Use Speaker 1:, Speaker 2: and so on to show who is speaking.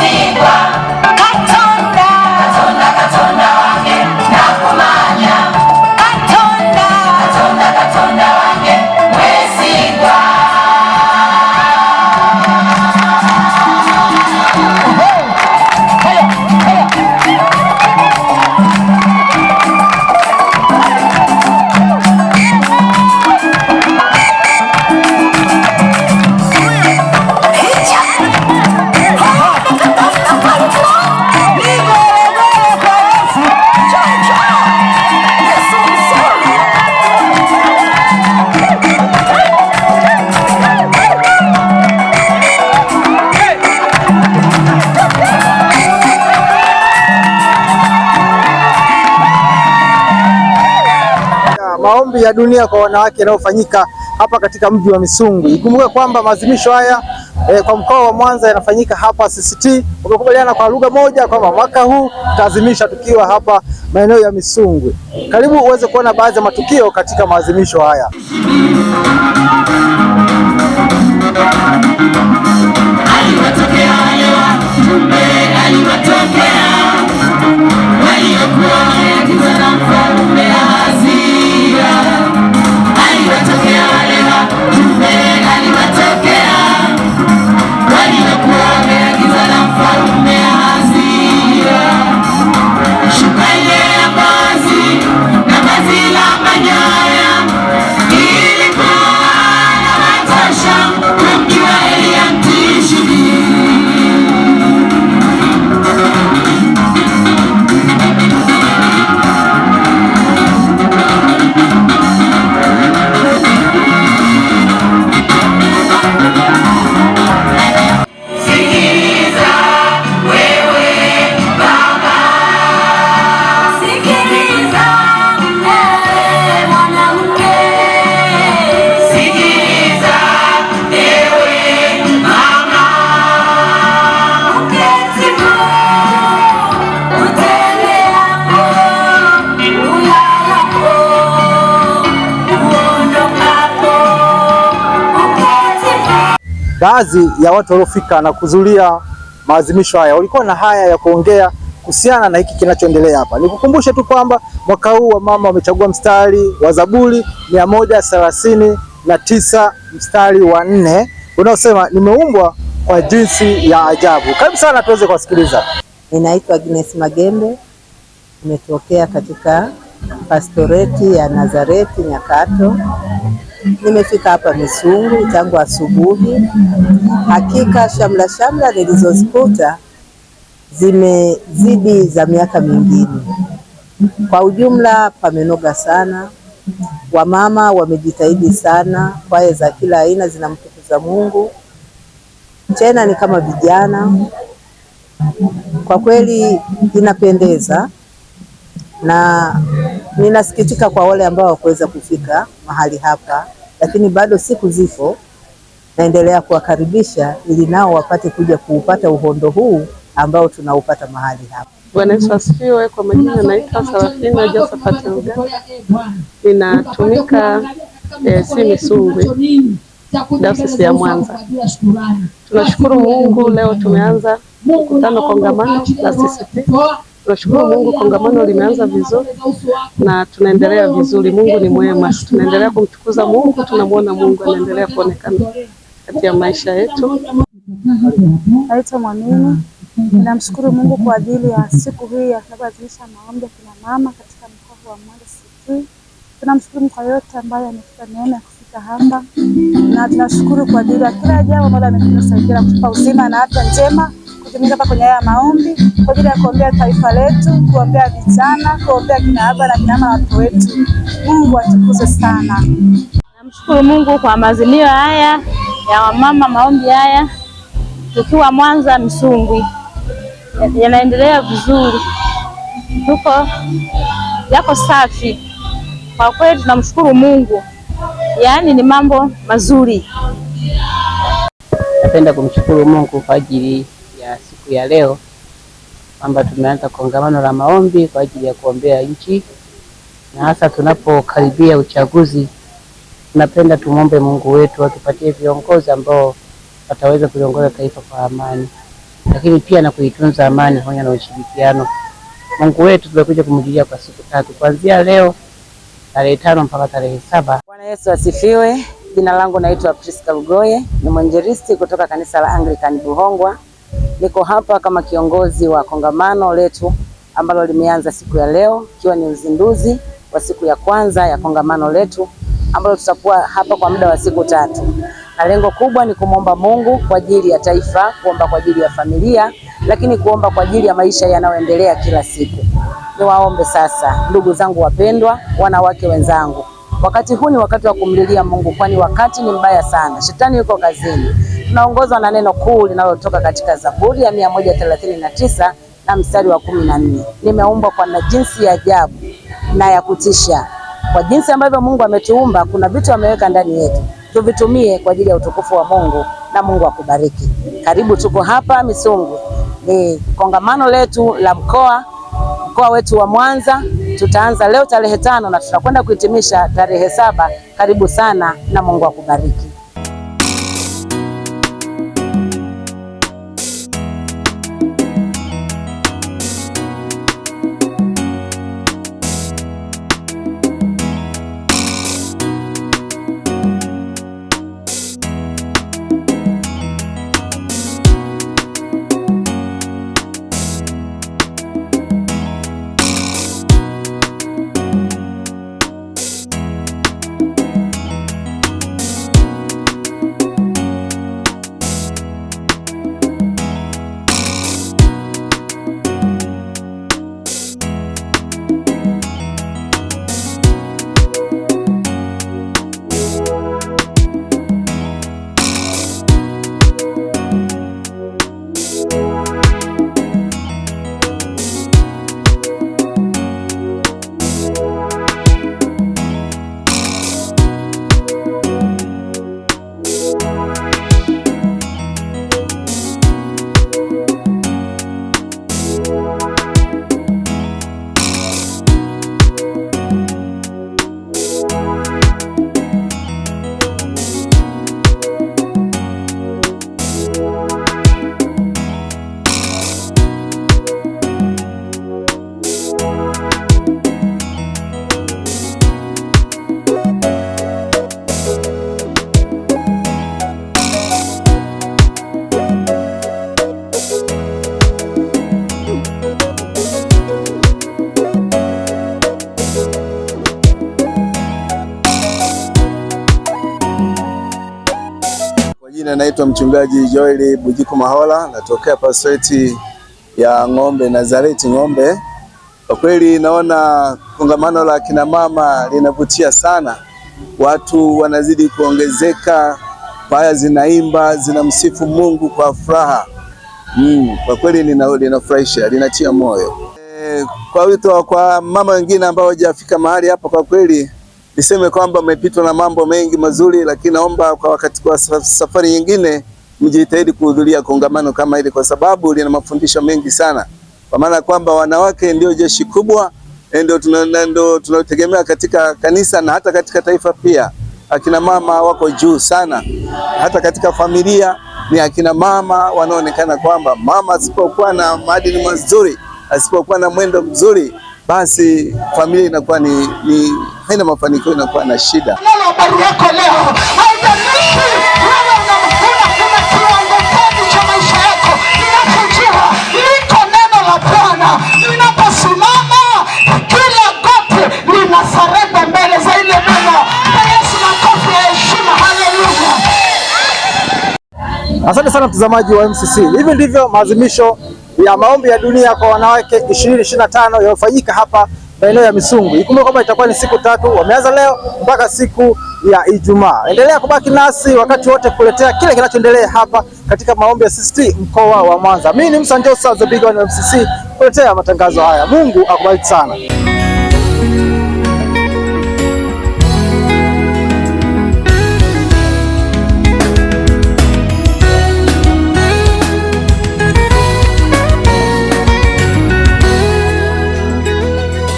Speaker 1: see ya dunia kwa wanawake yanayofanyika hapa katika mji wa Misungwi. Ikumbuke kwamba maadhimisho haya e, kwa mkoa wa Mwanza yanafanyika hapa CCT. Wamekubaliana kwa lugha moja kwamba mwaka huu tutaadhimisha tukiwa hapa maeneo ya Misungwi. Karibu uweze kuona baadhi ya matukio katika maadhimisho haya. baadhi ya watu waliofika na kuzulia maadhimisho haya walikuwa na haya ya kuongea kuhusiana na hiki kinachoendelea hapa. Nikukumbushe tu kwamba mwaka huu wa mama wamechagua mstari wa Zaburi mia moja thelathini na tisa mstari wa nne unaosema nimeumbwa kwa jinsi ya ajabu. Karibu sana tuweze kuwasikiliza.
Speaker 2: Ninaitwa Agnes Magembe, nimetokea katika pastoreti ya Nazareti Nyakato. Nimefika hapa Misungu tangu asubuhi. Hakika shamla shamla nilizozikuta zimezidi za miaka mingine. Kwa ujumla, pamenoga sana, wamama wamejitahidi sana, kwaya za kila aina zinamtukuza Mungu, tena ni kama vijana. Kwa kweli inapendeza na ninasikitika kwa wale ambao wakuweza kufika mahali hapa, lakini bado siku zifo naendelea kuwakaribisha ili nao wapate kuja kuupata uhondo huu ambao tunaupata mahali hapa.
Speaker 3: Bwana Yesu asifiwe. Kwa majina naitwa Sarafina Josafati Rugala, ninatumika eh, Simisungwi, Dayosisi ya Mwanza. Tunashukuru Mungu, leo tumeanza mkutano kongamano la CCT Tunashukuru Mungu, kongamano limeanza vizuri na tunaendelea vizuri. Mungu ni mwema, tunaendelea kumtukuza Mungu, tunamwona Mungu anaendelea kuonekana katika maisha yetu.
Speaker 4: Naitwa Mwamini, namshukuru Mungu kwa ajili ya siku hii ya kuadhimisha maombi ya kina mama katika mkoa wa Mwanza City. Tunamshukuru kwa yote ambayo ametupa neema ya kufika hapa, na tunashukuru kwa ajili ya kila jambo ambalo ametusaidia kutupa uzima na afya njema kutumika hapa kwenye haya maombi kwa ajili ya kuombea taifa letu, kuombea vijana, kuombea kina baba na kina mama watu wetu. Mungu atukuze sana.
Speaker 5: Namshukuru Mungu kwa maazimio haya ya wamama, maombi haya tukiwa Mwanza Misungwi yanaendelea vizuri, tuko yako safi kwa kweli, tunamshukuru Mungu, yaani ni mambo mazuri.
Speaker 6: Napenda kumshukuru Mungu kwa ajili siku ya leo kwamba tumeanza kongamano la maombi kwa ajili ya kuombea nchi, na hasa tunapokaribia uchaguzi, tunapenda tumwombe Mungu wetu atupatie viongozi ambao wataweza kuliongoza taifa kwa amani, lakini pia na kuitunza amani pamoja na ushirikiano. Mungu wetu tumekuja kumjulia kwa siku tatu kuanzia leo tarehe tano mpaka tarehe saba.
Speaker 7: Bwana Yesu asifiwe. Jina langu naitwa Priska Lugoye, ni mwinjilisti kutoka kanisa la Anglican Buhongwa Niko hapa kama kiongozi wa kongamano letu ambalo limeanza siku ya leo, ikiwa ni uzinduzi wa siku ya kwanza ya kongamano letu ambalo tutakuwa hapa kwa muda wa siku tatu, na lengo kubwa ni kumwomba Mungu kwa ajili ya taifa, kuomba kwa ajili ya familia, lakini kuomba kwa ajili ya maisha yanayoendelea kila siku. Niwaombe sasa, ndugu zangu wapendwa, wanawake wenzangu, wakati huu ni wakati wa kumlilia Mungu, kwani wakati ni mbaya sana, shetani yuko kazini. Tunaongozwa na neno kuu linalotoka katika Zaburi ya mia moja na na mstari wa kumi na nne nimeumbwa kwa na jinsi ya ajabu na ya kutisha. Kwa jinsi ambavyo Mungu ametuumba, kuna vitu ameweka ndani yetu, tuvitumie kwa ajili ya utukufu wa Mungu na Mungu akubariki. Karibu, tuko hapa Misungwi, ni kongamano letu la mkoa mkoa wetu wa Mwanza. Tutaanza leo tarehe tano na tutakwenda kuhitimisha tarehe saba. Karibu sana na Mungu akubariki.
Speaker 8: Naitwa mchungaji Joel Bujiku Mahola, natokea pasweti ya Ng'ombe Nazareti Ng'ombe. Kwa kweli naona kongamano la kina mama linavutia sana, watu wanazidi kuongezeka, kwaya zinaimba zinamsifu Mungu kwa furaha mm. Kwa kweli linafurahisha, linatia moyo e, kwa wito kwa mama wengine ambao hawajafika mahali hapa, kwa kweli niseme kwamba mmepitwa na mambo mengi mazuri, lakini naomba kwa wakati, kwa safari nyingine mjitahidi kuhudhuria kongamano kama hili, kwa sababu lina mafundisho mengi sana, kwa maana kwamba wanawake ndio jeshi kubwa, eh, ndio tunategemea katika kanisa na hata katika taifa pia. Akina mama wako juu sana, hata katika familia ni akina mama wanaonekana kwamba mama asipokuwa na maadili mazuri, asipokuwa na mwendo mzuri, basi familia inakuwa ni, ni haina mafanikio, inakuwa na shida. Habari yako leo
Speaker 1: Asante sana mtazamaji wa MCC. Hivi ndivyo maazimisho ya maombi ya dunia kwa wanawake 2025 yamefanyika hapa maeneo ya Misungu. Ikumbuke kwamba itakuwa ni siku tatu, wameanza leo mpaka siku ya Ijumaa. Endelea kubaki nasi wakati wote kuletea kile kinachoendelea hapa katika maombi ya CCT mkoa wa Mwanza. Mimi ni Msanjo Sazo Big One MCC kuletea matangazo haya. Mungu akubariki sana.